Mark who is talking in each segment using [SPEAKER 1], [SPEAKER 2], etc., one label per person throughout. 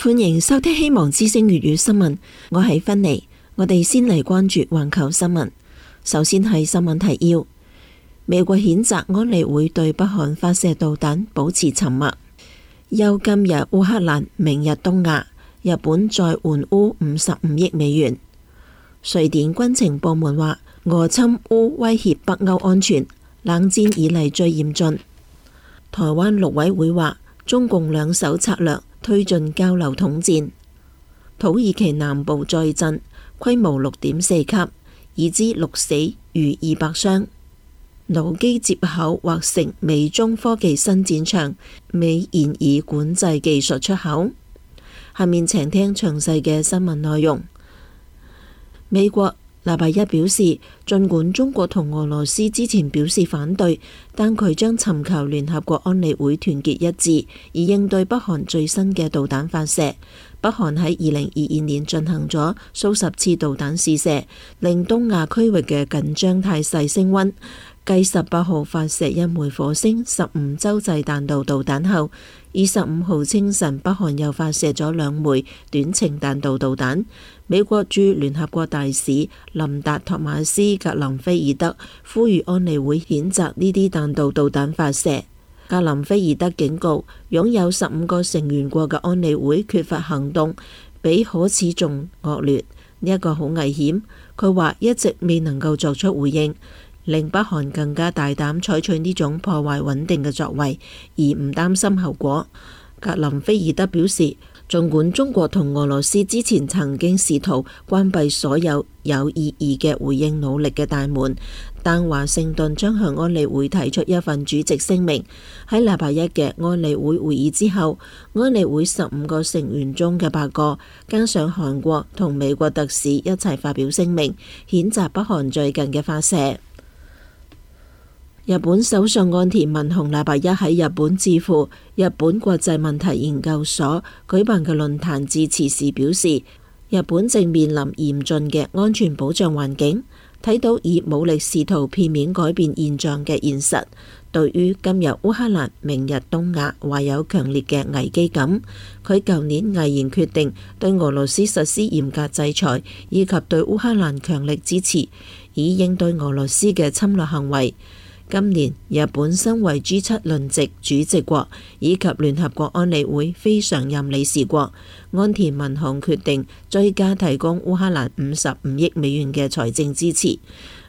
[SPEAKER 1] 歡迎收聽《希望之聲》粵語新聞，我係芬妮。我哋先嚟關注環球新聞。首先係新聞提要：美國譴責安理會對北韓發射導彈保持沉默。又今日烏克蘭，明日東亞，日本再援烏五十五億美元。瑞典軍情部門話俄侵烏威脅北歐安全，冷戰以嚟最嚴峻。台灣陸委會話中共兩手策略。推進交流統戰，土耳其南部再震，規模六點四級，已知六死逾二百傷。腦機接口或成美中科技新戰場，美現以管制技術出口。下面請聽詳細嘅新聞內容。美國。禮拜一表示，儘管中國同俄羅斯之前表示反對，但佢將尋求聯合國安理會團結一致，以應對北韓最新嘅導彈發射。北韓喺二零二二年進行咗數十次導彈試射，令東亞區域嘅緊張態勢升溫。繼十八號發射一枚火星十五洲際彈道導彈後，二十五號清晨北韓又發射咗兩枚短程彈道導彈。美國駐聯合國大使林達·托馬斯格林菲爾德呼籲安理會譴責呢啲彈道導彈發射。格林菲爾德警告，擁有十五個成員國嘅安理會缺乏行動，比可恥仲惡劣。呢一個好危險。佢話一直未能夠作出回應，令北韓更加大膽採取呢種破壞穩定嘅作為，而唔擔心後果。格林菲爾德表示。儘管中國同俄羅斯之前曾經試圖關閉所有有意義嘅回應努力嘅大門，但華盛頓將向安理會提出一份主席聲明。喺禮拜一嘅安理會會議之後，安理會十五個成員中嘅八個加上韓國同美國特使一齊發表聲明，譴責北韓最近嘅發射。日本首相岸田文雄禮拜一喺日本智庫日本國際問題研究所舉辦嘅論壇致辭時表示，日本正面臨嚴峻嘅安全保障環境，睇到以武力試圖片面改變現狀嘅現實，對於今日烏克蘭、明日東亞懷有強烈嘅危機感。佢舊年毅然決定對俄羅斯實施嚴格制裁，以及對烏克蘭強力支持，以應對俄羅斯嘅侵略行為。今年日本身為 G 七輪值主席國，以及聯合國安理會非常任理事國，安田文雄決定追加提供烏克蘭五十五億美元嘅財政支持。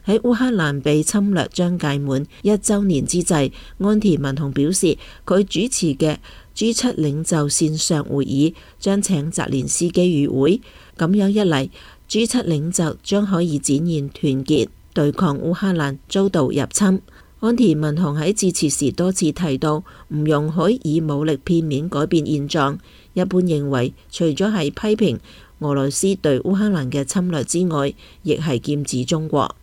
[SPEAKER 1] 喺烏克蘭被侵略將屆滿一週年之際，安田文雄表示，佢主持嘅 G 七領袖線上會議將請澤連斯基與會，咁樣一嚟，G 七領袖將可以展現團結對抗烏克蘭遭到入侵。安田文雄喺致辭時多次提到，唔容許以武力片面改變現狀。一般認為，除咗係批評俄羅斯對烏克蘭嘅侵略之外，亦係劍指中國。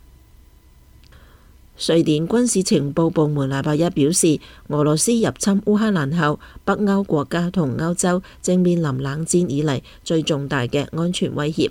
[SPEAKER 1] 瑞典軍事情報部門禮拜一表示，俄羅斯入侵烏克蘭後，北歐國家同歐洲正面臨冷戰以嚟最重大嘅安全威脅。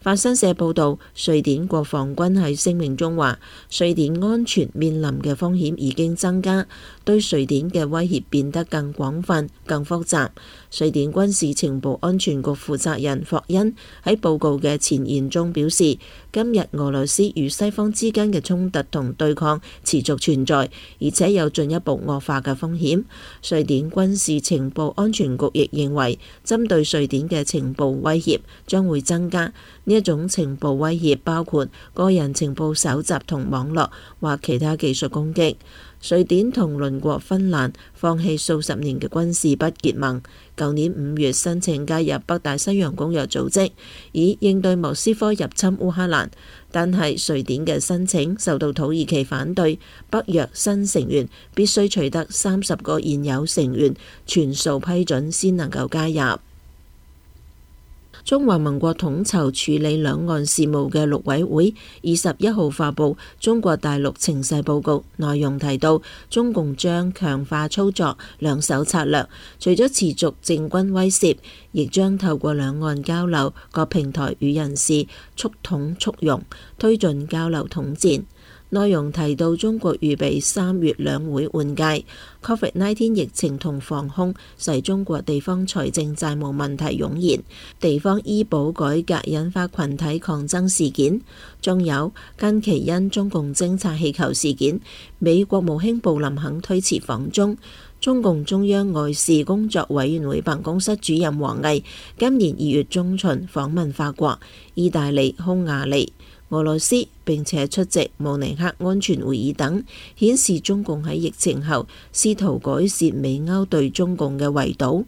[SPEAKER 1] 法新社報導，瑞典國防軍喺聲明中話：瑞典安全面臨嘅風險已經增加，對瑞典嘅威脅變得更廣泛、更複雜。瑞典軍事情報安全局負責人霍恩喺報告嘅前言中表示，今日俄羅斯與西方之間嘅衝突同對抗持續存在，而且有進一步惡化嘅風險。瑞典軍事情報安全局亦認為，針對瑞典嘅情報威脅將會增加。呢一種情報威脅包括個人情報搜集同網絡或其他技術攻擊。瑞典同鄰國芬蘭放棄數十年嘅軍事不結盟，舊年五月申請加入北大西洋公約組織，以應對莫斯科入侵烏克蘭。但係瑞典嘅申請受到土耳其反對，北約新成員必須取得三十個現有成員全數批准先能夠加入。中華民國統籌處理兩岸事務嘅陸委會二十一號發佈中國大陸情勢報告，內容提到中共將強化操作兩手策略，除咗持續政軍威懾，亦將透過兩岸交流各平台與人士促統促融，推進交流統戰。內容提到中國預備三月兩會換屆，Covid-19 疫情同防控使中國地方財政債務問題湧現，地方醫保改革引發群體抗爭事件，仲有近期因中共偵察氣球事件，美國務卿布林肯推遲訪中。中共中央外事工作委員會辦公室主任王毅今年二月中旬訪問法國、意大利、匈牙利、俄羅斯並且出席慕尼黑安全會議等，顯示中共喺疫情後試圖改善美歐對中共嘅圍堵。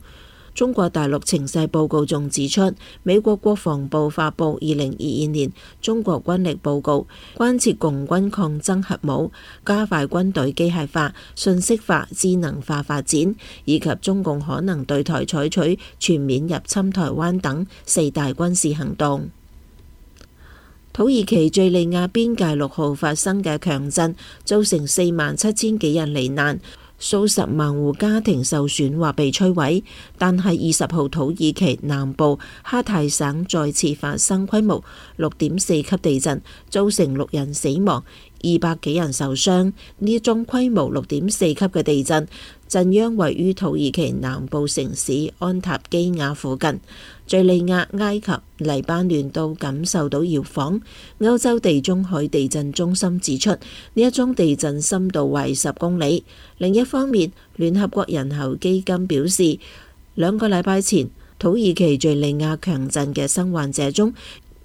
[SPEAKER 1] 中國大陸情勢報告仲指出，美國國防部發布二零二二年中國軍力報告，關切共軍擴增核武、加快軍隊機械化、信息化、智能化發展，以及中共可能對台採取全面入侵台灣等四大軍事行動。土耳其敘利亞邊界六號發生嘅強震，造成四萬七千幾人罹難，數十萬戶家庭受損或被摧毀。但係二十號土耳其南部哈泰省再次發生規模六點四級地震，造成六人死亡。二百幾人受傷，呢一宗規模六點四級嘅地震，震央位於土耳其南部城市安塔基亞附近。敘利亞、埃及、黎巴嫩都感受到搖晃。歐洲地中海地震中心指出，呢一宗地震深度為十公里。另一方面，聯合國人口基金表示，兩個禮拜前土耳其敘利亞強震嘅生患者中。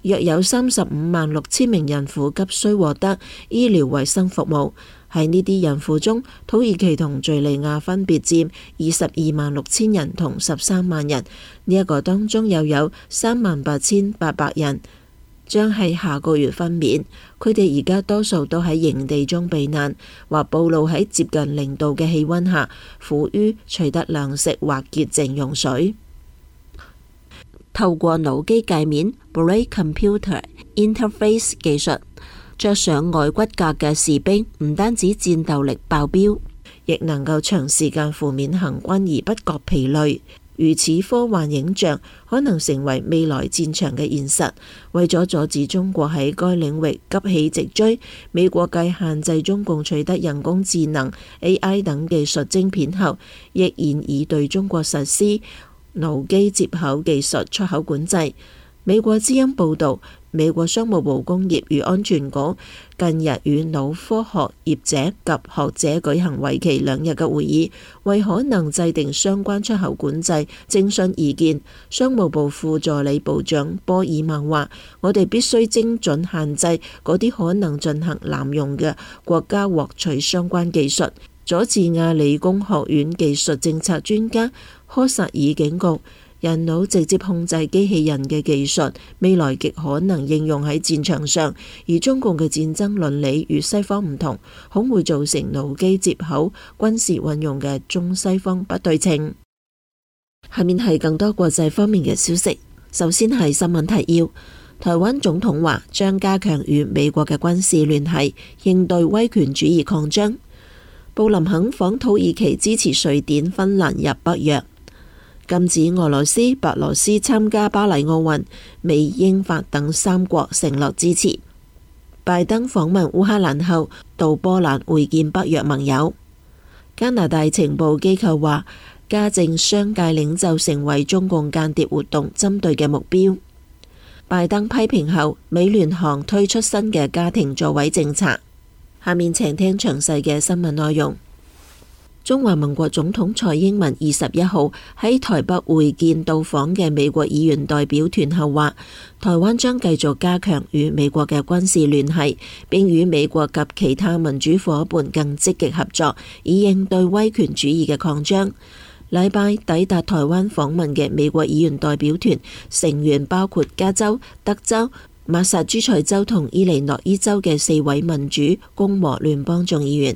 [SPEAKER 1] 約有三十五萬六千名孕婦急需獲得醫療衛生服務。喺呢啲孕婦中，土耳其同敘利亞分別佔二十二萬六千人同十三萬人。呢一個當中又有三萬八千八百人將喺下個月分娩。佢哋而家多數都喺營地中避難，或暴露喺接近零度嘅氣溫下，苦於取得糧食或潔淨用水。透過腦機介面 （brain-computer interface） 技術，着上外骨骼嘅士兵唔單止戰鬥力爆表，亦能夠長時間負面行軍而不覺疲累。如此科幻影像可能成為未來戰場嘅現實。為咗阻止中國喺該領域急起直追，美國繼限制中共取得人工智能 （AI） 等技術晶片後，亦然已對中國實施腦機接口技術出口管制。美國之音報道，美國商務部工業與安全局近日與腦科學業者及學者舉行為期兩日嘅會議，為可能制定相關出口管制徵詢意見。商務部副助理部長波爾曼話：我哋必須精準限制嗰啲可能進行濫用嘅國家獲取相關技術。佐治亞理工學院技術政策專家柯薩爾警告：人腦直接控制機器人嘅技術未來極可能應用喺戰場上，而中共嘅戰爭倫理與西方唔同，恐會造成腦機接口軍事運用嘅中西方不對稱。下面係更多國際方面嘅消息。首先係新聞提要：台灣總統話將加強與美國嘅軍事聯繫，應對威權主義擴張。布林肯訪土耳其支持瑞典、芬蘭入北約，禁止俄羅斯、白俄羅斯參加巴黎奧運。美、英、法等三國承諾支持。拜登訪問烏克蘭後到波蘭會見北約盟友。加拿大情報機構話，加政商界領袖成為中共間諜活動針對嘅目標。拜登批評後，美聯航推出新嘅家庭座位政策。下面請聽詳細嘅新聞內容。中華民國總統蔡英文二十一號喺台北會見到訪嘅美國議員代表團後話，台灣將繼續加強與美國嘅軍事聯繫，並與美國及其他民主夥伴更積極合作，以應對威權主義嘅擴張。禮拜抵達台灣訪問嘅美國議員代表團成員包括加州、德州、馬薩諸塞州同伊利諾伊州嘅四位民主共和聯邦眾議員，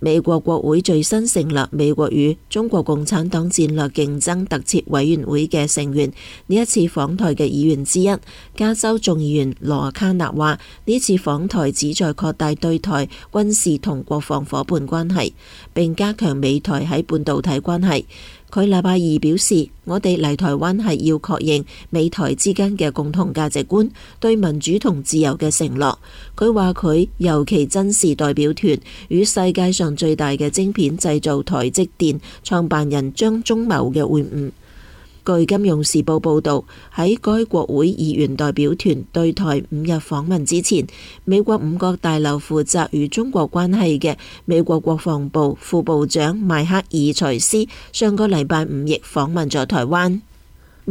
[SPEAKER 1] 美國國會最新成立美國與中國共產黨戰略競爭特設委員會嘅成員，呢一次訪台嘅議員之一，加州眾議員羅卡納話：呢次訪台旨在擴大對台軍事同國防伙伴關係，並加強美台喺半導體關係。佢禮拜二表示，我哋嚟台灣係要確認美台之間嘅共同價值觀，對民主同自由嘅承諾。佢話佢尤其珍視代表團與世界上最大嘅晶片製造台積電創辦人張忠謀嘅會晤。據《金融時報》報道，喺該國會議員代表團對台五日訪問之前，美國五角大樓負責與中國關係嘅美國國防部副部長邁克爾·錘斯上個禮拜五亦訪問咗台灣。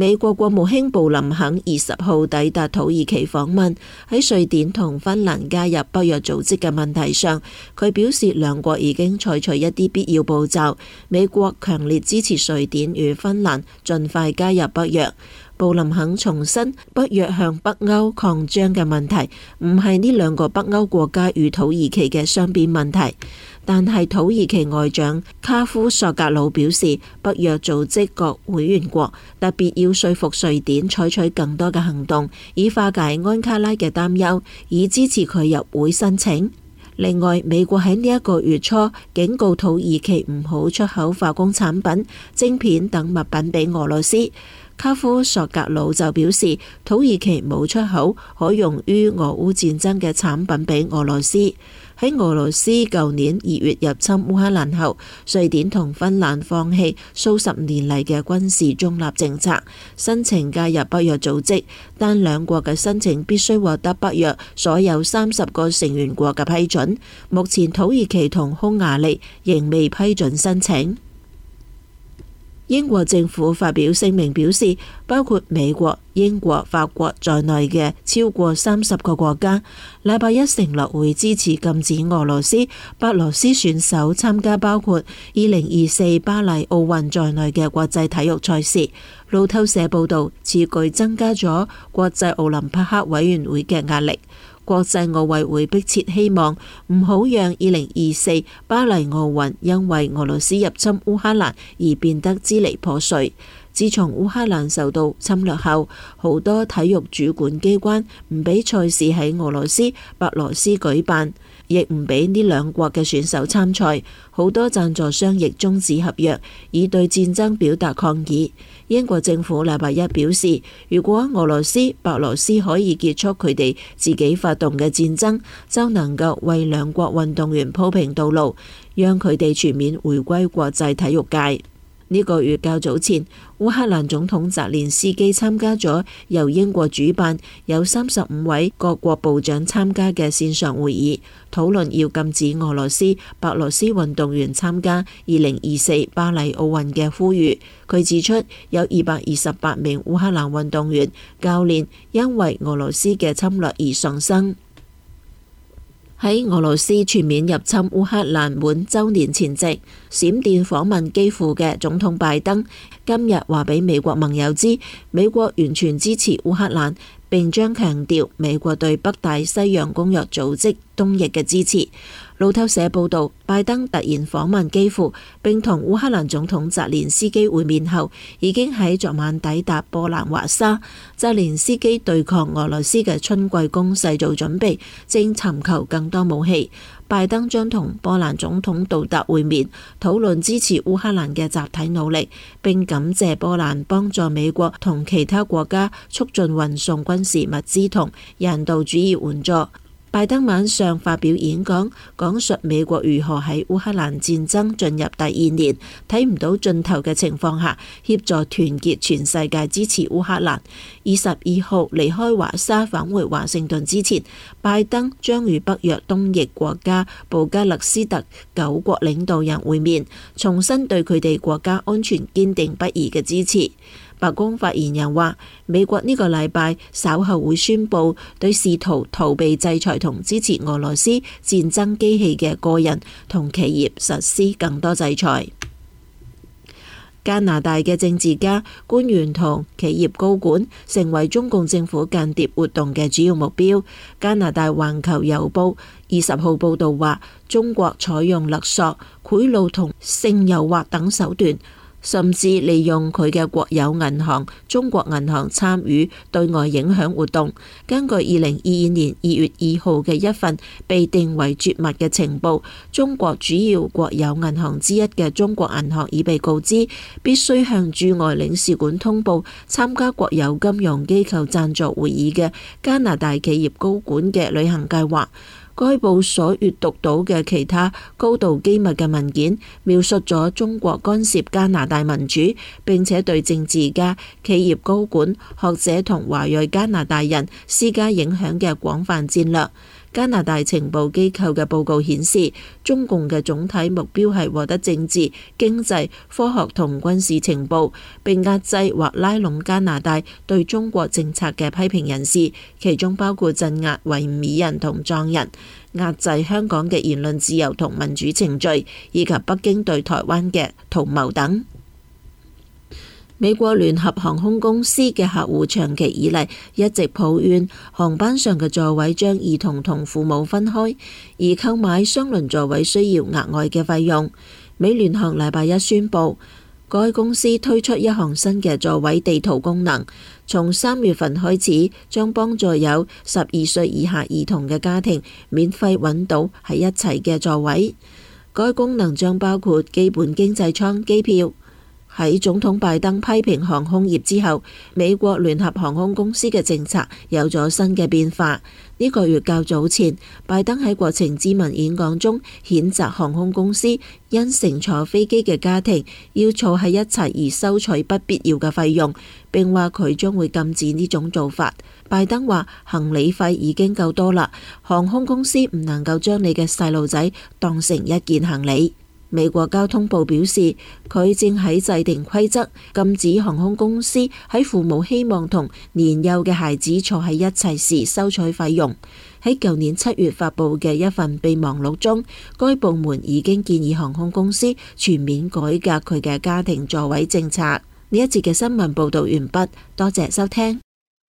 [SPEAKER 1] 美國國務卿布林肯二十號抵達土耳其訪問，喺瑞典同芬蘭加入北約組織嘅問題上，佢表示兩國已經採取一啲必要步驟，美國強烈支持瑞典與芬蘭盡快加入北約。布林肯重申北約向北歐擴張嘅問題唔係呢兩個北歐國家與土耳其嘅雙邊問題，但係土耳其外長卡夫索格魯表示，北約組織各會員國特別要說服瑞典採取更多嘅行動，以化解安卡拉嘅擔憂，以支持佢入會申請。另外，美國喺呢一個月初警告土耳其唔好出口化工產品、晶片等物品俾俄羅斯。卡夫索格魯就表示，土耳其冇出口可用於俄烏戰爭嘅產品俾俄羅斯。喺俄羅斯舊年二月入侵烏克蘭後，瑞典同芬蘭放棄數十年嚟嘅軍事中立政策，申請加入北約組織，但兩國嘅申請必須獲得北約所有三十個成員國嘅批准。目前土耳其同匈牙利仍未批准申請。英國政府發表聲明表示，包括美國、英國、法國在內嘅超過三十個國家，禮拜一承諾會支持禁止俄羅斯、白羅斯選手參加包括二零二四巴黎奧運在內嘅國際體育賽事。路透社報導，此舉增加咗國際奧林匹克委員會嘅壓力。國際奧委會迫切希望唔好讓二零二四巴黎奧運因為俄羅斯入侵烏克蘭而變得支離破碎。自從烏克蘭受到侵略後，好多體育主管機關唔俾賽事喺俄羅斯、白羅斯舉辦，亦唔俾呢兩國嘅選手參賽。好多贊助商亦終止合約，以對戰爭表達抗議。英國政府禮拜一表示，如果俄羅斯、白羅斯可以結束佢哋自己發動嘅戰爭，就能夠為兩國運動員鋪平道路，讓佢哋全面回歸國際體育界。呢個月較早前，烏克蘭總統澤連斯基參加咗由英國主辦、有三十五位各國部長參加嘅線上會議，討論要禁止俄羅斯、白羅斯運動員參加二零二四巴黎奧運嘅呼籲。佢指出，有二百二十八名烏克蘭運動員、教練因為俄羅斯嘅侵略而喪生。喺俄羅斯全面入侵烏克蘭滿周年前夕，閃電訪問基輔嘅總統拜登今日話俾美國盟友知，美國完全支持烏克蘭，並將強調美國對北大西洋公約組織東翼嘅支持。路透社報道，拜登突然訪問基輔，並同烏克蘭總統澤連斯基會面後，已經喺昨晚抵達波蘭華沙。澤連斯基對抗俄羅斯嘅春季攻勢做準備，正尋求更多武器。拜登將同波蘭總統杜達會面，討論支持烏克蘭嘅集體努力，並感謝波蘭幫助美國同其他國家促進運送軍事物資同人道主義援助。拜登晚上發表演講，講述美國如何喺烏克蘭戰爭進入第二年睇唔到盡頭嘅情況下，協助團結全世界支持烏克蘭。二十二號離開華沙返回華盛頓之前，拜登將與北約東翼國家布加勒斯特九國領導人會面，重新對佢哋國家安全堅定不移嘅支持。白宮發言人話：美國呢個禮拜稍後會宣布對試圖逃避制裁同支持俄羅斯戰爭機器嘅個人同企業實施更多制裁。加拿大嘅政治家、官員同企業高管成為中共政府間諜活動嘅主要目標。加拿大環球郵報二十號報道話：中國採用勒索、賄賂同性誘惑等手段。甚至利用佢嘅國有銀行中國銀行參與對外影響活動。根據二零二二年二月二號嘅一份被定為絕密嘅情報，中國主要國有銀行之一嘅中國銀行已被告知必須向駐外領事館通報參加國有金融機構贊助會議嘅加拿大企業高管嘅旅行計劃。該報所閲讀到嘅其他高度機密嘅文件，描述咗中國干涉加拿大民主，並且對政治家、企業高管、學者同華裔加拿大人施加影響嘅廣泛戰略。加拿大情報機構嘅報告顯示，中共嘅總體目標係獲得政治、經濟、科學同軍事情報，並壓制或拉攏加拿大對中國政策嘅批評人士，其中包括鎮壓維吾爾人同藏人，壓制香港嘅言論自由同民主程序，以及北京對台灣嘅圖謀等。美國聯合航空公司嘅客戶長期以嚟，一直抱怨航班上嘅座位將兒童同父母分開，而購買雙輪座位需要額外嘅費用。美聯航禮拜一宣布，該公司推出一項新嘅座位地圖功能，從三月份開始將幫助有十二歲以下兒童嘅家庭免費揾到喺一齊嘅座位。該功能將包括基本經濟艙機票。喺總統拜登批評航空業之後，美國聯合航空公司嘅政策有咗新嘅變化。呢、這個月較早前，拜登喺國情咨文演講中譴責航空公司因乘坐飛機嘅家庭要坐喺一齊而收取不必要嘅費用，並話佢將會禁止呢種做法。拜登話行李費已經夠多啦，航空公司唔能夠將你嘅細路仔當成一件行李。美國交通部表示，佢正喺制定規則，禁止航空公司喺父母希望同年幼嘅孩子坐喺一齊時收取費用。喺舊年七月發佈嘅一份備忘錄中，該部門已經建議航空公司全面改革佢嘅家庭座位政策。呢一節嘅新聞報道完畢，多謝收聽。